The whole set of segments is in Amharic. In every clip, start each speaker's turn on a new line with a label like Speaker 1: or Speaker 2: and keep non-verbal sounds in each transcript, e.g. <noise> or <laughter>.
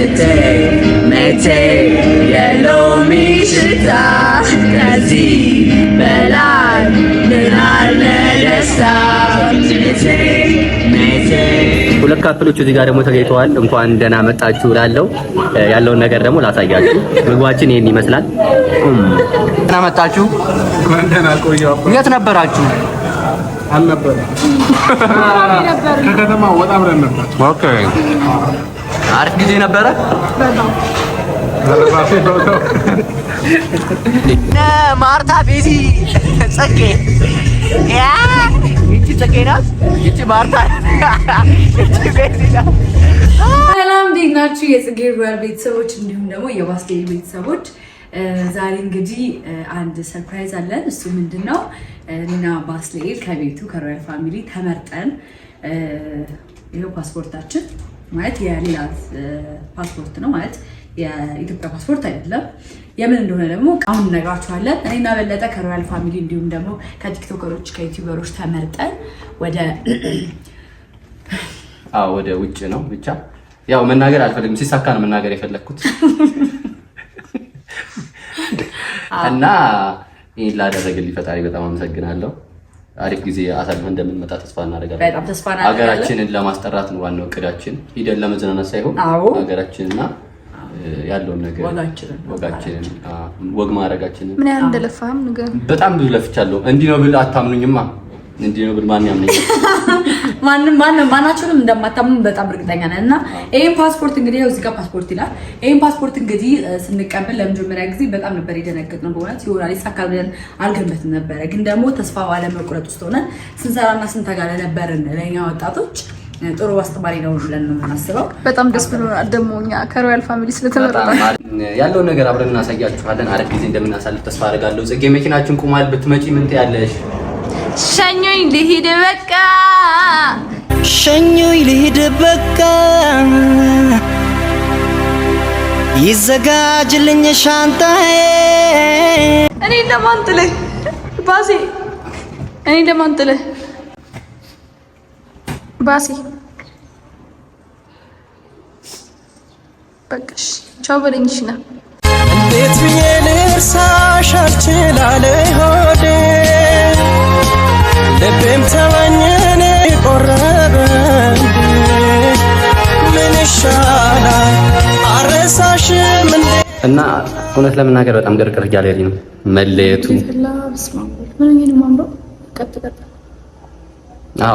Speaker 1: ሽቴ መቼ የሎሚ ሽታ ከዚህ በላይ ደስታ
Speaker 2: ሁለት እዚህ ጋር ደግሞ ተገኝተዋል። እንኳን ደህና መጣችሁ እላለሁ። ያለውን ነገር ደግሞ ላሳያችሁ። ምግባችን ይሄን ይመስላል።
Speaker 3: ደህና መጣችሁ። የት ነበራችሁ?
Speaker 4: አልነበረ ከከተማ ወጣ ብለን ነበር።
Speaker 5: ኦኬ
Speaker 3: አሪፍ ጊዜ ነበረ። ማርታ ቤዚ ጸጌ ጸጌ ናት። ማርታ
Speaker 6: ሰላም እንዴት ናችሁ? የጽጌ ሮያል ቤተሰቦች እንዲሁም ደግሞ የባስሌ ቤተሰቦች ዛሬ እንግዲህ አንድ ሰርፕራይዝ አለን። እሱ ምንድን ነው? እና ባስሌ ከቤቱ ከሮያል ፋሚሊ ተመርጠን ይኸው ፓስፖርታችን ማለት የሌላ ፓስፖርት ነው ማለት የኢትዮጵያ ፓስፖርት አይደለም። የምን እንደሆነ ደግሞ አሁን እነግራችኋለን። እኔና በለጠ ከሮያል ፋሚሊ እንዲሁም ደግሞ ከቲክቶከሮች ከዩቲዩበሮች ተመርጠን ወደ <clears throat>
Speaker 2: ወደ ውጭ ነው ብቻ ያው መናገር አልፈልግም። ሲሳካ ነው መናገር የፈለግኩት <laughs> እና ይህን ላደረግልኝ ፈጣሪ በጣም አመሰግናለሁ። አሪፍ ጊዜ አሳልፈን እንደምንመጣ ተስፋ
Speaker 3: እናደርጋለን።
Speaker 2: ሀገራችንን ለማስጠራት ነው ዋናው እቅዳችን። ሂደን ለመዝናናት ሳይሆን ሀገራችንና ያለውን ነገር ወጋችንን ወግ ማድረጋችንን
Speaker 6: ምን ያህል እንደለፋህም ንገረኝ።
Speaker 2: በጣም ብዙ ለፍቻለሁ። እንዲህ ነው ብል አታምኑኝማ። እንዲህ ነው ብል ማን ያምነኛል? <laughs>
Speaker 6: ማንም ማንም ማናችሁንም እንደማታምኑ በጣም እርግጠኛ ነን እና ፓስፖርት እንግዲህ እዚህ ጋር ፓስፖርት ይላል። ፓስፖርት እንግዲህ ስንቀበል ለመጀመሪያ ጊዜ በጣም ነበር የደነገጥነው። በእውነት ይሆናል ይሳካል ብለን አልገመትም ነበረ። ግን ደግሞ ተስፋ ባለመቁረጥ ውስጥ ሆነን ስንሰራና ስንተጋለ ነበርን ለእኛ ወጣቶች ጥሩ አስተማሪ ነው ብለን ነው የምናስበው። በጣም ደስ ብሎናል። ደግሞ እኛ ከሮያል ፋሚሊ ስለተመረጠ
Speaker 2: ያለውን ነገር አብረን እናሳያችኋለን። ጊዜ እንደምናሳልፍ ተስፋ ጽጌ መኪናችን ብትመጪ
Speaker 6: ሸኞኝ ልሂድ በቃ ሸኞኝ ልሂድ በቃ ይዘጋጅልኝ ሻንጣዬ እኔ እንደማን ባሴ እኔ እንደማን ባሴ በቃሽ ቻው በለኝ
Speaker 1: እንዴት ብዬ ልርሳሽ አልችል አለ ሆዴ ልቤም ተመኘን ምን ይሻላል አረሳሽም እንዴ
Speaker 2: እና እውነት ለመናገር በጣም ቅርቅር እያለኝ ነው መለየቱ።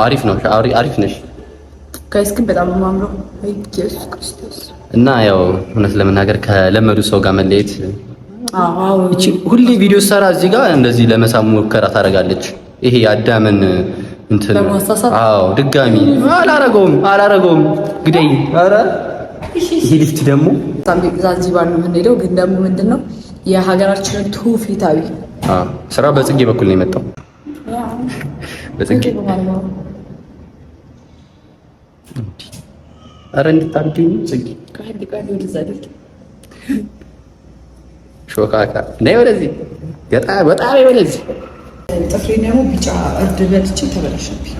Speaker 2: አሪፍ ነው አሪፍ ነሽ እና ያው እውነት ለመናገር ከለመዱ ሰው ጋር መለየት ሁሌ ቪዲዮ ሰራ እዚህ ጋር እንደዚህ ለመሳብ ሙከራ ታደርጋለች። ይሄ አዳምን እንትን አዎ፣ ድጋሚ አላረገውም አላረገውም። ግደይ። ኧረ ይሄ ሊፍት ደግሞ
Speaker 6: ዛንዚባር ነው የምንሄደው። ግን ደግሞ ምንድን ነው የሀገራችንን ትውፊታዊ
Speaker 2: ስራ በጽጌ በኩል ነው የመጣው። በጽጌ ኧረ እንድታርጊው ጽጌ ሾካካ ነይ ወደዚህ፣ በጣም ወደዚህ
Speaker 6: ጥፍሬ ደግሞ ቢጫ እርድ በልቼ ተበላሸብኝ።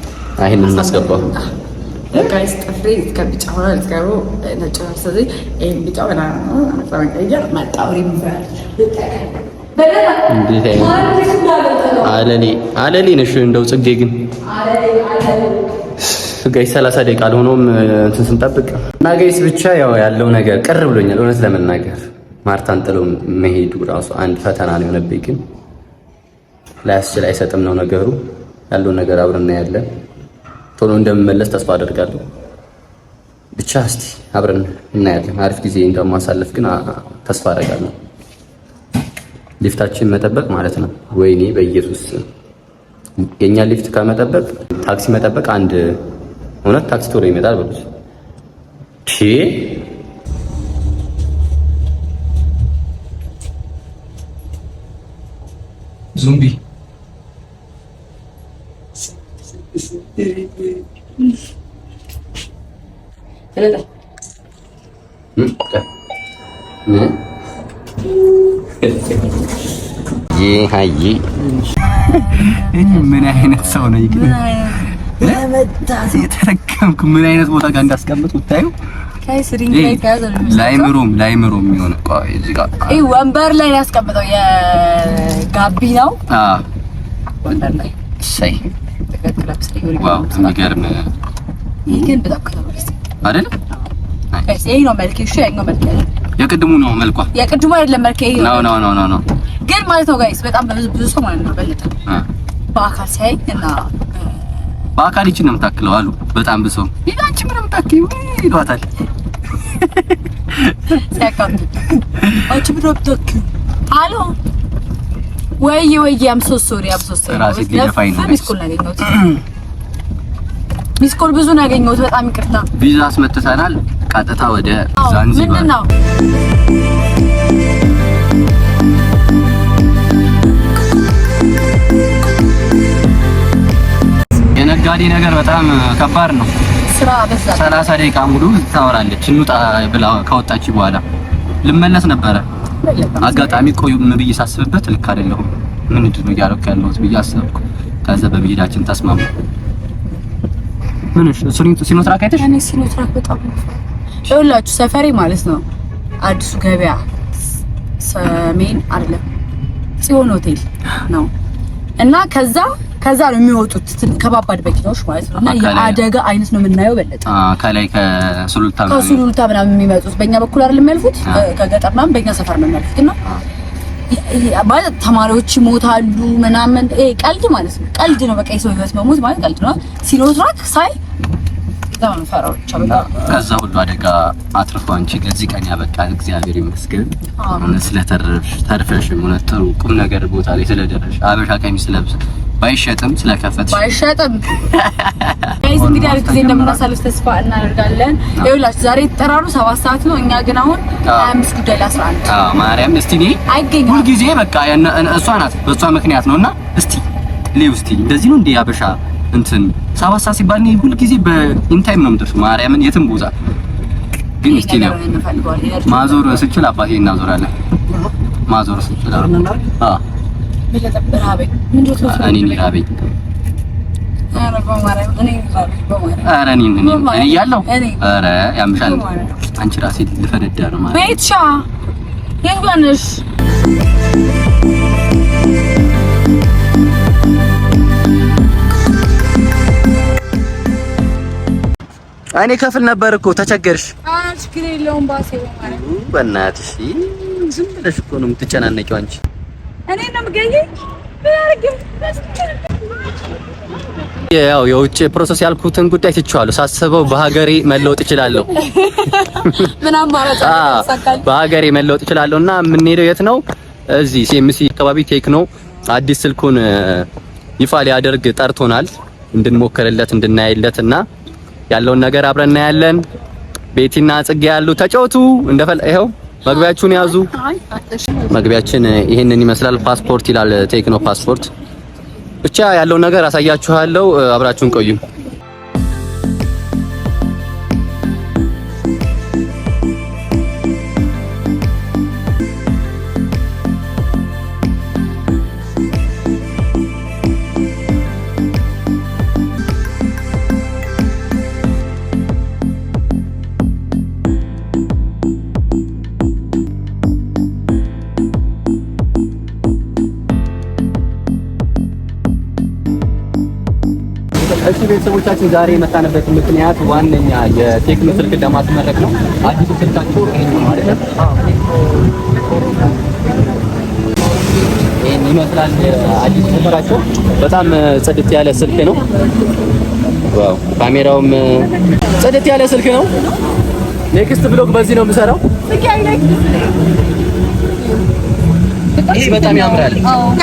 Speaker 2: ይህን
Speaker 6: ጋይስ ጥፍሬ እስከ ቢጫ ሆነ ልትገቡ ነጭ ነው። ይህን ቢጫ ሆና መቀየር መጣውሪ
Speaker 2: አለሌ አለሌ ነሽ እንደው ጽጌ ግን ጋይስ ሰላሳ ደቂቃ አልሆነውም እንትን ስንጠብቅ እና ጋይስ ብቻ ያው ያለው ነገር ቅር ብሎኛል እውነት ለመናገር ማርታን ጥለው መሄዱ ራሱ አንድ ፈተና ነው የሆነብኝ ግን ላያስችል አይሰጥም ነው ነገሩ። ያለውን ነገር አብረን እናያለን። ቶሎ እንደምመለስ ተስፋ አደርጋለሁ። ብቻ እስቲ አብረን እናያለን። አሪፍ ጊዜ እንደማሳለፍ ግን ተስፋ አደርጋለሁ። ሊፍታችን መጠበቅ ማለት ነው። ወይኔ በኢየሱስ የኛ ሊፍት ከመጠበቅ ታክሲ መጠበቅ አንድ እውነት ታክሲ ቶሎ ይመጣል ብሉት ዙምቢ እኔ ምን አይነት ሰው ነኝ ግን የተረገምኩ ምን አይነት ቦታ ጋር እንዳስቀምጥ ብታዩ ላይምሮም ላይምሮም የሚሆን
Speaker 6: ወንበር ላይ ያስቀምጠው የጋቢ ነው። አይደለም። ይሄ ነው
Speaker 2: የቅድሙ ነው መልኳ።
Speaker 6: የቅድሙ አይደለም መልኬ። ይሄ ነው ግን ማለት ነው ጋይስ፣ በጣም ብዙ ሰው ማለት ነው በለጠ በአካል ሲያይ እና
Speaker 2: በአካል ይችን ነው የምታክለው አሉ። በጣም ብዙ
Speaker 6: ይላንቺ ይሏታል። አንቺ አሉ ወይ ወይ አምሶ ሶሪ አምሶ ሶሪ
Speaker 2: ራሴ ገፋይ ነው።
Speaker 6: ሚስኮል ያገኘሁት ሚስኮል ብዙ ነው ያገኘሁት። በጣም ይቅርታ።
Speaker 2: ቪዛ አስመጥተናል። ቀጥታ ወደ
Speaker 6: ዛንዚባር ምንድን ነው
Speaker 2: የነጋዴ ነገር በጣም ከባድ ነው። ስራ በዛ 30 ደቂቃ ሙሉ ታወራለች። እንውጣ ብላ ካወጣች በኋላ ልመለስ ነበረ አጋጣሚ ቆዩ ምን ብዬ ሳስብበት ልክ አይደለሁም፣ ምንድን ነው እያደረኩ ያለሁት ብዬ አሰብኩ። ከዛ በመሄዳችን ተስማሙ። ምን እሺ፣ ሲኖትራክ አይተሽ?
Speaker 6: እኔ ሲኖትራክ በጣም ይኸውላችሁ፣ ሰፈሬ ማለት ነው አዲሱ ገበያ ሰሜን አይደለም ጽዮን ሆቴል ነው እና ከዛ ከዛ ነው የሚወጡት ከባባድ መኪናዎች ማለት ነው። እና የአደጋ አይነት ነው የምናየው። በለጠ
Speaker 2: ከላይ ከሱሉልታ
Speaker 6: ከሱሉልታ ምናምን የሚመጡት በእኛ በኩል አይደል የሚያልፉት፣ ከገጠር ምናምን በእኛ ሰፈር ነው የሚያልፉት። እና ማለት ተማሪዎች ይሞታሉ ምናምን፣ ይሄ ቀልድ ማለት ነው። ቀልድ ነው በቃ የሰው ህይወት መሞት ማለት ቀልድ ነው። ሲኖትራክ ሳይ
Speaker 2: ከዛ ሁሉ አደጋ አትርፎ አንቺ ለዚህ ቀን ያበቃ እግዚአብሔር ይመስገን። ስለተረፍሽ ተርፈሽ ጥሩ ቁም ነገር ቦታ ላይ ስለደረሽ አበሻ ቀሚስ ለብሰሽ ባይሸጥም ስለከፈትሽ
Speaker 6: ባይሸጥም ጋይስ እንግዲህ አሪፍ ጊዜ እንደምናሳልፍ ተስፋ እናደርጋለን። ይኸውላችሁ ዛሬ የተጠራሩ ሰባት ሰዓት ነው። እኛ ግን አሁን 25 ጉዳይ ለ11
Speaker 2: አዎ ማርያም እስቲ እኔ አይገኝም ሁልጊዜ በቃ እሷ ናት በእሷ ምክንያት ነውና እስቲ ሌው እስቲ እንደዚህ ነው እንዴ አበሻ እንትን ሰባት ሰዓት ሲባል እኔ ሁልጊዜ በኢንታይም ነው የምደርሰው። ማርያምን የትም ቦታ ግን እስቲ ነው ማዞር ስችል አባቴ እናዞራለን ማዞር ስችል አዎ አንቺ ራሴ ልፈነዳ ነው ማለት ቤትሻ እኔ ከፍል ነበር እኮ ተቸገርሽ።
Speaker 6: ችግር የለውም ባሴ።
Speaker 2: በእናትሽ ዝም ብለሽ እኮ ነው የምትጨናነቂው አንቺ
Speaker 6: እኔ ነው የምገኘኝ።
Speaker 2: ያው የውጭ ፕሮሰስ ያልኩትን ጉዳይ ትቼዋለሁ። ሳስበው በሀገሬ መለወጥ እችላለሁ፣ <laughs> በሀገሬ መለወጥ እችላለሁ እና የምንሄደው የት ነው? እዚህ ሲኤምሲ አካባቢ ቴክኖ አዲስ ስልኩን ይፋ ሊያደርግ ጠርቶናል፣ እንድንሞክርለት እንድናይለት እና ያለውን ነገር አብረን እናያለን። ቤቲና ጽጌ ያሉ ተጫወቱ እንደፈለ ይኸው መግቢያችሁን ያዙ። መግቢያችን ይህንን ይመስላል። ፓስፖርት ይላል ቴክኖ ፓስፖርት። ብቻ ያለው ነገር አሳያችኋለሁ። አብራችሁን ቆዩ። ቤተሰቦቻችን ዛሬ የመጣንበት ምክንያት ዋነኛ የቴክኖ ስልክ ለማስመረቅ ነው። አዲሱ ስልካቸው ነው ማለት ነው። ይሄን ይመስላል አዲሱ ስልካቸው። በጣም ጽድት ያለ ስልክ ነው። ዋው! ካሜራውም ጽድት ያለ ስልክ ነው። ኔክስት ብሎግ በዚህ ነው የምሰራው። ይሄ በጣም ያምራል፣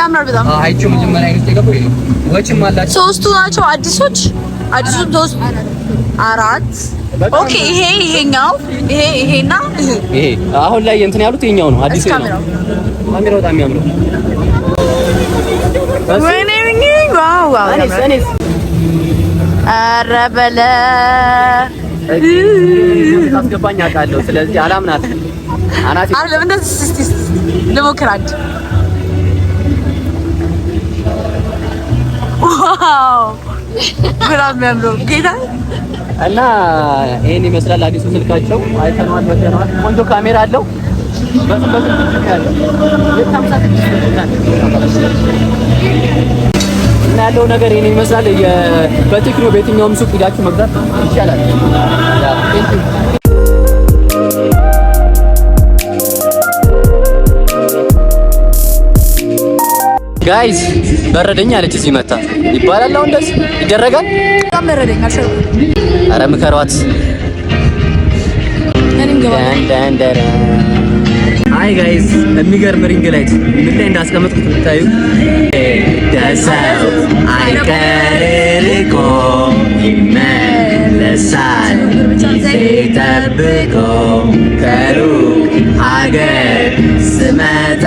Speaker 2: ያምራል በጣም አይቹ መጀመሪያ አይነት የገባው አላቸው።
Speaker 6: ሶስቱ ናቸው አዲሶች አዲሱ ሶስት አራት ኦኬ። ይሄ ይሄኛው ይሄ ይሄና
Speaker 2: ይሄ ይሄ አሁን ላይ እንትን ያሉት ይሄኛው ነው። አዲስ ነው። ካሜራው በጣም ያምራል።
Speaker 6: በለ አስገባኝ አውቃለሁ። ስለዚህ አላምናት አናት እንደዚህ እስቲ ልሞክር አንድ ዋው በጣም የሚያምረው ጌታ
Speaker 2: እና ይሄን ይመስላል አዲሱ ስልካቸው። አይተነዋል፣ ወተነዋል። ቆንጆ ካሜራ አለው። እና ያለው ነገር ይሄን ይመስላል። በቴክኖ በየትኛውም ሱቅ ሄዳችሁ መግዛት ይቻላል። ጋይዝ በረደኝ አለች እዚህ መታ ይባላል። አሁን እንደዚህ ይደረጋል።
Speaker 6: በጣም በረደኝ አሸሩ።
Speaker 2: አረ ምከሯት። አይ ጋይዝ የሚገርም ሪንግ ላይት ምን ላይ እንዳስቀመጥኩት ብታዩ
Speaker 1: ደሰው አይቀር ርቆ ይመለሳል ጠብቆ ከሩቅ ሀገር ስመጣ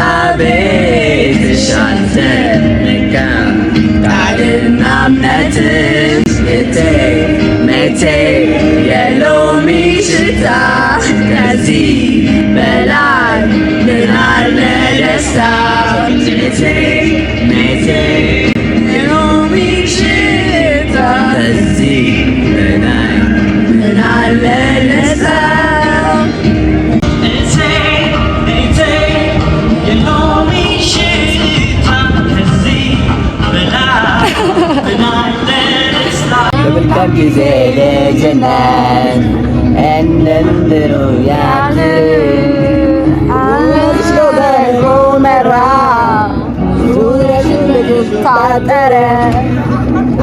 Speaker 1: çok güzeli cennet Enlendir uyandı Ulaşılır kumera Ulaşılır tatlere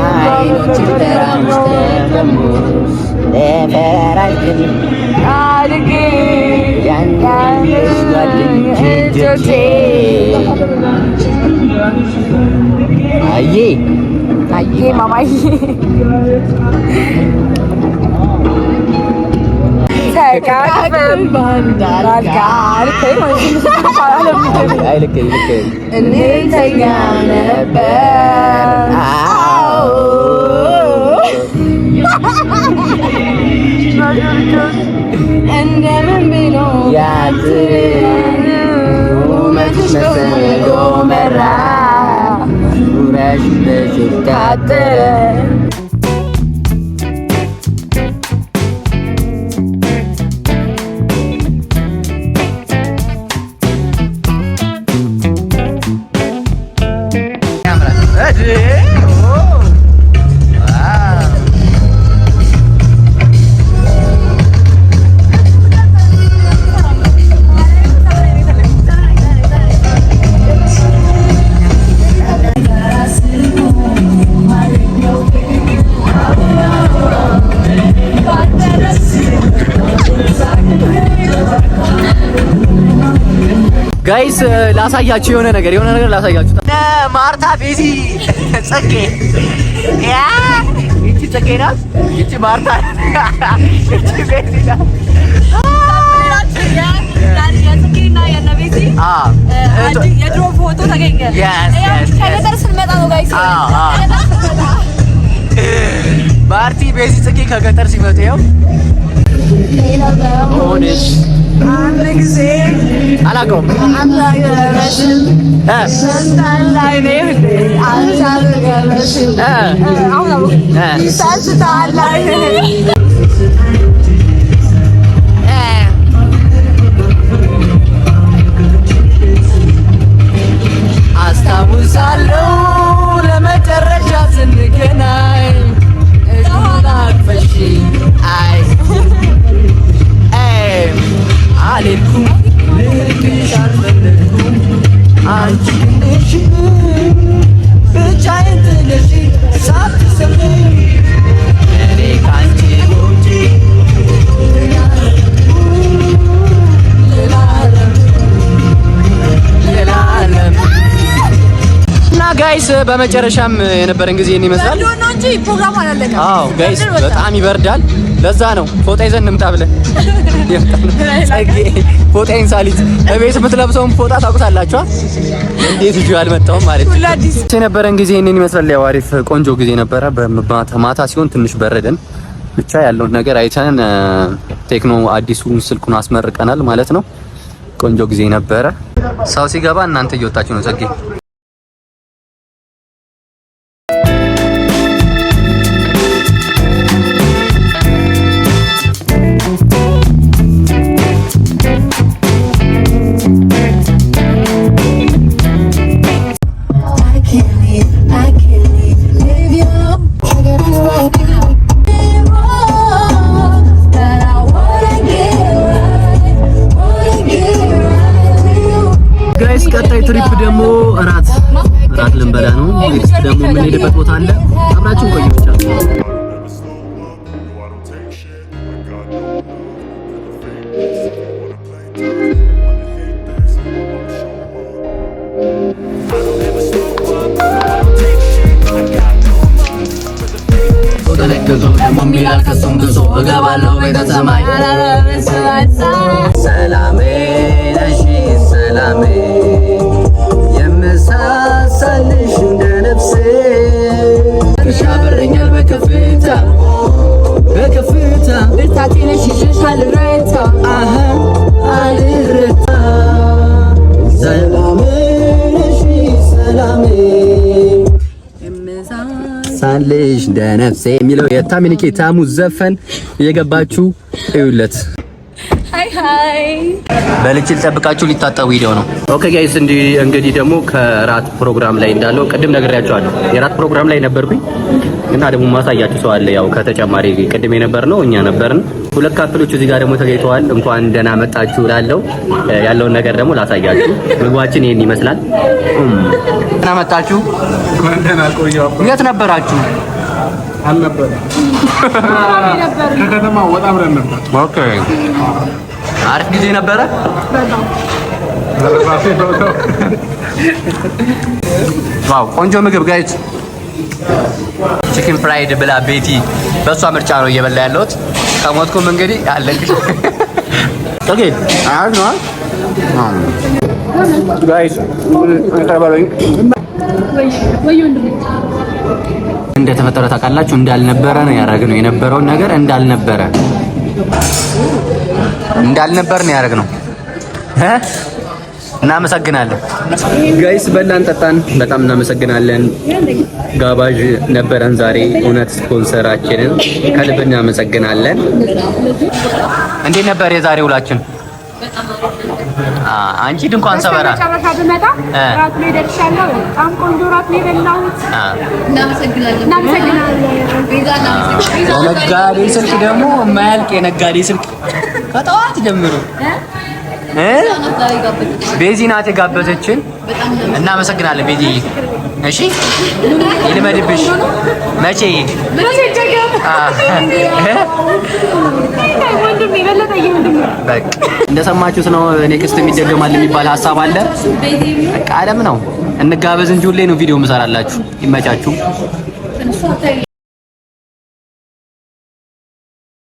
Speaker 1: Aynı çifter almıştı kambuz Defer aşkın Algı Yanlış kalbim hiç öteyim
Speaker 2: አዬ
Speaker 6: አዬ ማማዬ
Speaker 1: እንተኛ ነበር እንደምን ብሎ Mesela gomera Güneş beşiktadır
Speaker 2: ላሳያችሁ የሆነ ነገር የሆነ ነገር ላሳያችሁ።
Speaker 3: ማርታ ቤዚ ጸጌ ያ እቺ ጸጌ ናት። እቺ ማርታ እቺ ቤዚ ናት።
Speaker 6: የድሮ ፎቶ ተገኘ። ከገጠር ስንመጣ ነው ጋይስ
Speaker 3: ማርቲ ቤዚ ጽጌ ከገጠር ሲመጡ ያው
Speaker 1: አንድ ጊዜ አላውቀውም። አስታውሳለሁ ለመጨረሻ ስንገናኝ እጅ ላቅፈሽ አይ አልልኩም ልልሽ አልፈለኩም አንቺ
Speaker 2: ጋይስ በመጨረሻም የነበረን ጊዜ እኔ ይመስላል
Speaker 6: እንጂ
Speaker 2: አዎ ጋይስ በጣም ይበርዳል። ለዛ ነው ፎጣ ይዘን እንምጣ ብለን ፎጣ ኢንሳሊት በቤት የምትለብሰውን ፎጣ ታውቁታላችሁ። እንዴት እጁ አልመጣውም ማለት ነው። የነበረን ጊዜ እኔን ይመስላል። ያው አሪፍ ቆንጆ ጊዜ ነበረ። በማታ ሲሆን ትንሽ በረደን። ብቻ ያለውን ነገር አይተን ቴክኖ አዲሱን ስልኩን አስመርቀናል ማለት ነው። ቆንጆ ጊዜ ነበረ። ሰው ሲገባ እናንተ እየወጣችሁ ነው ጸጌ ኔክስት ደግሞ የምንሄድበት ቦታ አለ። አብራችሁን ቆዩ ብቻ ትነሳለሽ ደነፍሴ የሚለው የታሚኒኬ ታሙ ዘፈን እየገባችሁ እዩለት።
Speaker 6: ሃይ ሃይ
Speaker 2: ጠብቃችሁ ሊታጠቡ ሂደው ነው። ኦኬ ጋይስ፣ እንግዲህ ደግሞ ከራት ፕሮግራም ላይ እንዳለው ቅድም ነግሬያቸዋለሁ። የራት ፕሮግራም ላይ ነበርኩኝ እና ደግሞ ማሳያችሁ ሰው አለ። ያው ከተጨማሪ ቅድም የነበር ነው እኛ ነበርን ሁለት ካፕሎች እዚህ ጋር ደግሞ ተገኝተዋል። እንኳን ደህና መጣችሁ ላለው ያለውን ነገር ደግሞ ላሳያችሁ። ምግባችን ይሄን ይመስላል።
Speaker 3: ደህና መጣችሁ። የት ነበራችሁ?
Speaker 4: ከከተማ ወጣ ብለን ነበር።
Speaker 5: ኦኬ፣
Speaker 3: አሪፍ ጊዜ ነበረ።
Speaker 2: ዋው፣ ቆንጆ ምግብ ጋይት ቺክን ፍራይድ ብላ ቤቲ በእሷ ምርጫ ነው እየበላ ያለሁት። ከሞትኩም እንግዲህ አለቅሽ። እንደተፈጠረ ታውቃላችሁ። እንዳልነበረ ነው ያደረግነው። የነበረውን ነገር እንዳልነበረ እንዳልነበር ነው ያደረግነው። እናመሰግናለን ጋይስ፣ በላን ጠጣን፣ በጣም እናመሰግናለን። ጋባዥ ነበረን ዛሬ እውነት ስፖንሰራችንን ከልብ እናመሰግናለን። እንዴት ነበር የዛሬ ውላችን? አንቺ ድንኳን ሰበራ የነጋዴ ስልክ ደግሞ የማያልቅ የነጋዴ ስልክ ከጠዋት ጀምሮ ቤዚ ናት የጋበዘችን። እናመሰግናለን ቤዚ። እሺ ይልመድብሽ። መቼ እንደሰማችሁት ነው። ኔክስትም ይደገማል የሚባል ሀሳብ አለ። ቃለም ነው እንጋበዝ እንጂ ሁሌ ነው ቪዲዮ ምሰራላችሁ። ይመቻችሁ።